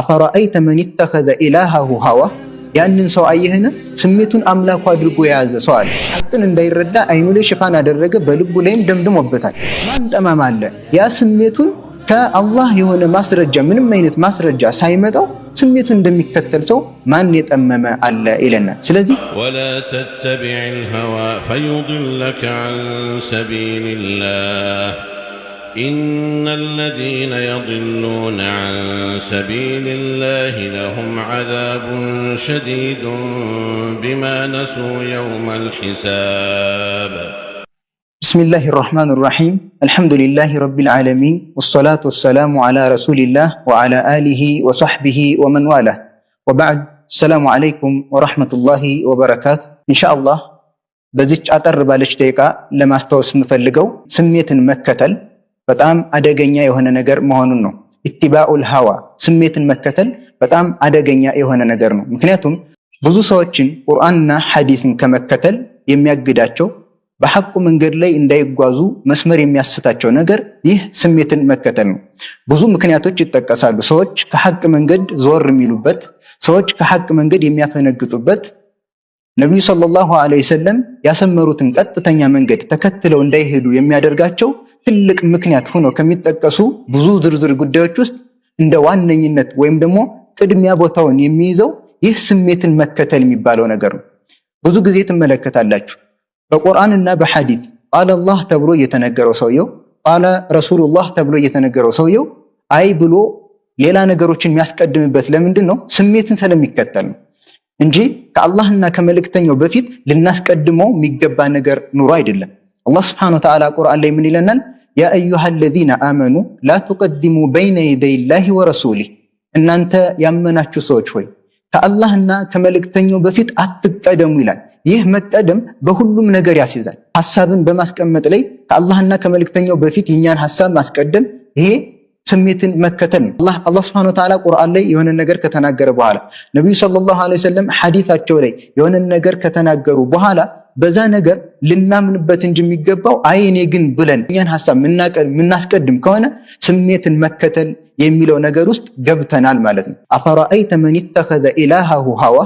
አፈራአይተ መን ተኸዘ ኢላሃሁ ሀዋ ያንን ሰው አየህን? ስሜቱን አምላኩ አድርጎ የያዘ ሰው አለ። ሐቅን እንዳይረዳ አይኑ ላይ ሽፋን አደረገ፣ በልቡ ላይም ደምድሞበታል። ማን ጠማማ አለ? ያ ስሜቱን ከአላህ የሆነ ማስረጃ ምንም አይነት ማስረጃ ሳይመጣው ስሜቱን እንደሚከተል ሰው ማን የጠመመ አለ ይለናል። ስለዚህ ወላ ተተቢዕ ልሀዋ ፈዩድለከ ዐን ሰቢልላህ إن الذين يضلون عن سبيل الله لهم عذاب شديد بما نسوا يوم الحساب بسم الله الرحمن الرحيم الحمد لله رب العالمين والصلاة والسلام على رسول الله وعلى آله وصحبه ومن والاه وبعد السلام عليكم ورحمة الله وبركاته إن شاء الله በዚች አጠር ባለች ደቂቃ ለማስታወስ የምፈልገው ስሜትን መከተል በጣም አደገኛ የሆነ ነገር መሆኑን ነው። ኢትባኡል ሀዋ ስሜትን መከተል በጣም አደገኛ የሆነ ነገር ነው። ምክንያቱም ብዙ ሰዎችን ቁርአንና ሐዲስን ከመከተል የሚያግዳቸው በሐቁ መንገድ ላይ እንዳይጓዙ መስመር የሚያስታቸው ነገር ይህ ስሜትን መከተል ነው። ብዙ ምክንያቶች ይጠቀሳሉ። ሰዎች ከሐቅ መንገድ ዞር የሚሉበት፣ ሰዎች ከሐቅ መንገድ የሚያፈነግጡበት ነቢዩ ሰለላሁ ዐለይሂ ወሰለም ያሰመሩትን ቀጥተኛ መንገድ ተከትለው እንዳይሄዱ የሚያደርጋቸው ትልቅ ምክንያት ሆኖ ከሚጠቀሱ ብዙ ዝርዝር ጉዳዮች ውስጥ እንደ ዋነኝነት ወይም ደግሞ ቅድሚያ ቦታውን የሚይዘው ይህ ስሜትን መከተል የሚባለው ነገር ነው። ብዙ ጊዜ ትመለከታላችሁ በቁርአን እና በሐዲት ቃለ አላህ ተብሎ እየተነገረው ሰውየው ቃለ ረሱሉላህ ተብሎ እየተነገረው ሰውየው አይ ብሎ ሌላ ነገሮችን የሚያስቀድምበት ለምንድን ነው? ስሜትን ስለሚከተል ነው እንጂ ከአላህና ከመልእክተኛው በፊት ልናስቀድመው የሚገባ ነገር ኑሮ አይደለም። አላህ ስብሐነሁ ወተዓላ ቁርአን ላይ ምን ይለናል? ያ አዩሃ አለዚነ አመኑ ላ ቱቀድሙ በይነ የደይላሂ ወረሱሊህ፣ እናንተ ያመናችሁ ሰዎች ሆይ ከአላህና ከመልእክተኛው በፊት አትቀደሙ ይላል። ይህ መቀደም በሁሉም ነገር ያስይዛል። ሐሳብን በማስቀመጥ ላይ ከአላህና ከመልእክተኛው በፊት የእኛን ሐሳብ ማስቀደም ይሄ ስሜትን መከተል ነው። አላህ ስብሐነ ወተዓላ ቁርአን ላይ የሆነ ነገር ከተናገረ በኋላ ነቢዩ ሰለላሁ ዐለይሂ ወሰለም ሐዲታቸው ላይ የሆነ ነገር ከተናገሩ በኋላ በዛ ነገር ልናምንበት እንጂ የሚገባው አይኔ ግን ብለን እኛን ሀሳብ የምናስቀድም ከሆነ ስሜትን መከተል የሚለው ነገር ውስጥ ገብተናል ማለት ነው። አፈራአይተ መን ተኸዘ ኢላሃሁ ሀዋ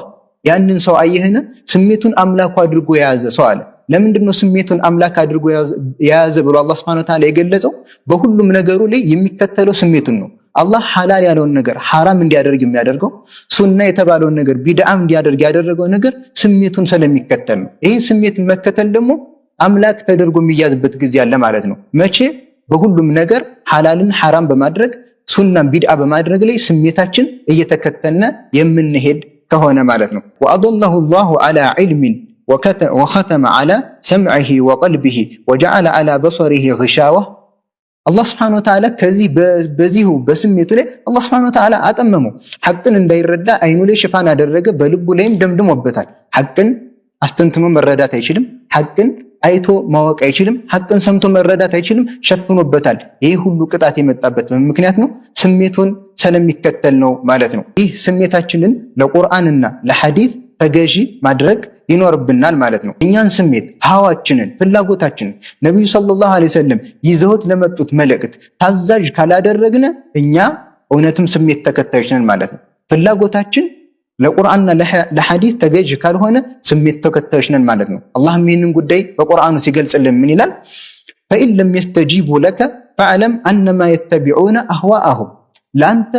ያንን ሰው አየህን? ስሜቱን አምላኩ አድርጎ የያዘ ሰው አለ። ለምንድን ነው ስሜቱን አምላክ አድርጎ የያዘ ብሎ አላህ ሱብሓነሁ ወተዓላ የገለጸው? በሁሉም ነገሩ ላይ የሚከተለው ስሜቱን ነው። አላህ ሐላል ያለውን ነገር ሐራም እንዲያደርግ የሚያደርገው ሱና የተባለውን ነገር ቢድዓም እንዲያደርግ ያደረገው ነገር ስሜቱን ስለሚከተል ነው። ይህ ስሜት መከተል ደግሞ አምላክ ተደርጎ የሚያዝበት ጊዜ አለ ማለት ነው። መቼ? በሁሉም ነገር ሐላልን ሐራም በማድረግ ሱናን ቢድአ በማድረግ ላይ ስሜታችን እየተከተነ የምንሄድ ከሆነ ማለት ነው። ወአዶላሁ ላሁ አላ ዒልሚን ወከተመ አላ ሰምዒሂ ወቀልቢሂ ወጀዓለ አላ በሰሪሂ ግሻዋ አላህ ስብሐነሁ ወተዓላ ከዚህ በዚሁ በስሜቱ ላይ አላህ ስብሐነሁ ወተዓላ አጠመመው። ሐቅን እንዳይረዳ አይኑ ላይ ሽፋን አደረገ፣ በልቡ ላይም ደምድሞበታል። ሐቅን አስተንትኖ መረዳት አይችልም። ሐቅን አይቶ ማወቅ አይችልም። ሐቅን ሰምቶ መረዳት አይችልም፣ ሸፍኖበታል። ይህ ሁሉ ቅጣት የመጣበት ምክንያት ነው፣ ስሜቱን ስለሚከተል ነው ማለት ነው። ይህ ስሜታችንን ለቁርአንና ለሐዲት ተገዢ ማድረግ ይኖርብናል ማለት ነው። እኛን ስሜት፣ ሀዋችንን፣ ፍላጎታችንን ነቢዩ ሰለላሁ ዐለይሂ ወሰለም ይዘውት ለመጡት መልእክት ታዛዥ ካላደረግነ እኛ እውነትም ስሜት ተከታዮች ነን ማለት ነው። ፍላጎታችን ለቁርአንና ለሐዲስ ተገዥ ካልሆነ ስሜት ተከታዮች ነን ማለት ነው። አላህም ይህንን ጉዳይ በቁርአኑ ሲገልጽልን ምን ይላል? ፈኢን ለም የስተጂቡ ለከ ፈዕለም አነማ የተቢዑነ አህዋአሁም ለአንተ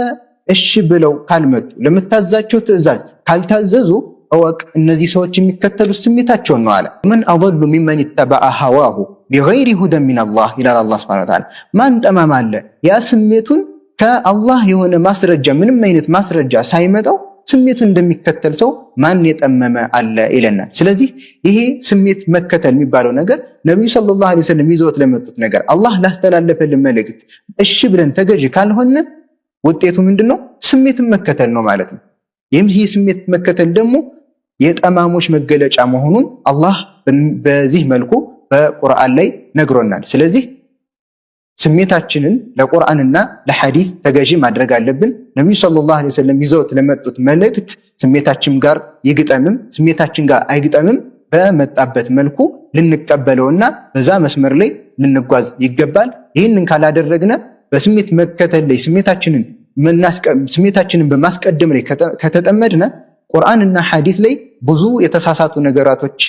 እሺ ብለው ካልመጡ ለምታዛቸው ትእዛዝ ካልታዘዙ እወቅ እነዚህ ሰዎች የሚከተሉት ስሜታቸውን ነው አለ። መን አሉ ሚመን ይተበአ ሀዋሁ ቢገይሪ ሁደን ሚነላህ ይላል አላህ ሱብሓነሁ ወተዓላ። ማን ጠማም አለ ያ ስሜቱን ከአላህ የሆነ ማስረጃ ምንም አይነት ማስረጃ ሳይመጣው ስሜቱን እንደሚከተል ሰው ማን የጠመመ አለ ይለናል። ስለዚህ ይሄ ስሜት መከተል የሚባለው ነገር ነቢዩ ሰለላሁ ዐለይሂ ወሰለም ይዘውት ለመጡት ነገር አላህ ላስተላለፈልን መልእክት እሺ ብለን ተገዥ ካልሆነ ውጤቱ ምንድን ነው? ስሜትን መከተል ነው ማለት ነው። ይህም ይህ ስሜት መከተል ደግሞ የጠማሞች መገለጫ መሆኑን አላህ በዚህ መልኩ በቁርአን ላይ ነግሮናል። ስለዚህ ስሜታችንን ለቁርአንና ለሐዲት ተገዢ ማድረግ አለብን። ነቢዩ ሰለላሁ ዐለይሂ ወሰለም ይዘውት ለመጡት መልእክት ስሜታችን ጋር ይግጠምም ስሜታችን ጋር አይግጠምም፣ በመጣበት መልኩ ልንቀበለውና በዛ መስመር ላይ ልንጓዝ ይገባል። ይህንን ካላደረግነ በስሜት መከተል ላይ ስሜታችንን በማስቀደም ላይ ከተጠመድነ ቁርአን እና ሐዲስ ላይ ብዙ የተሳሳቱ ነገራቶች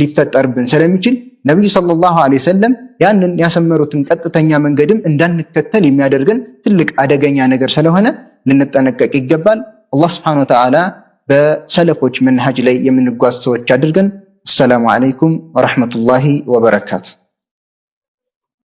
ሊፈጠርብን ስለሚችል ነቢዩ ሰለላሁ ዐለይሂ ወሰለም ያንን ያሰመሩትን ቀጥተኛ መንገድም እንዳንከተል የሚያደርገን ትልቅ አደገኛ ነገር ስለሆነ ልንጠነቀቅ ይገባል። አላህ ሱብሓነሁ ወተዓላ በሰለፎች መንሃጅ ላይ የምንጓዝ ሰዎች አድርገን። አሰላሙ ዐለይኩም ወረሕመቱላሂ ወበረካቱ።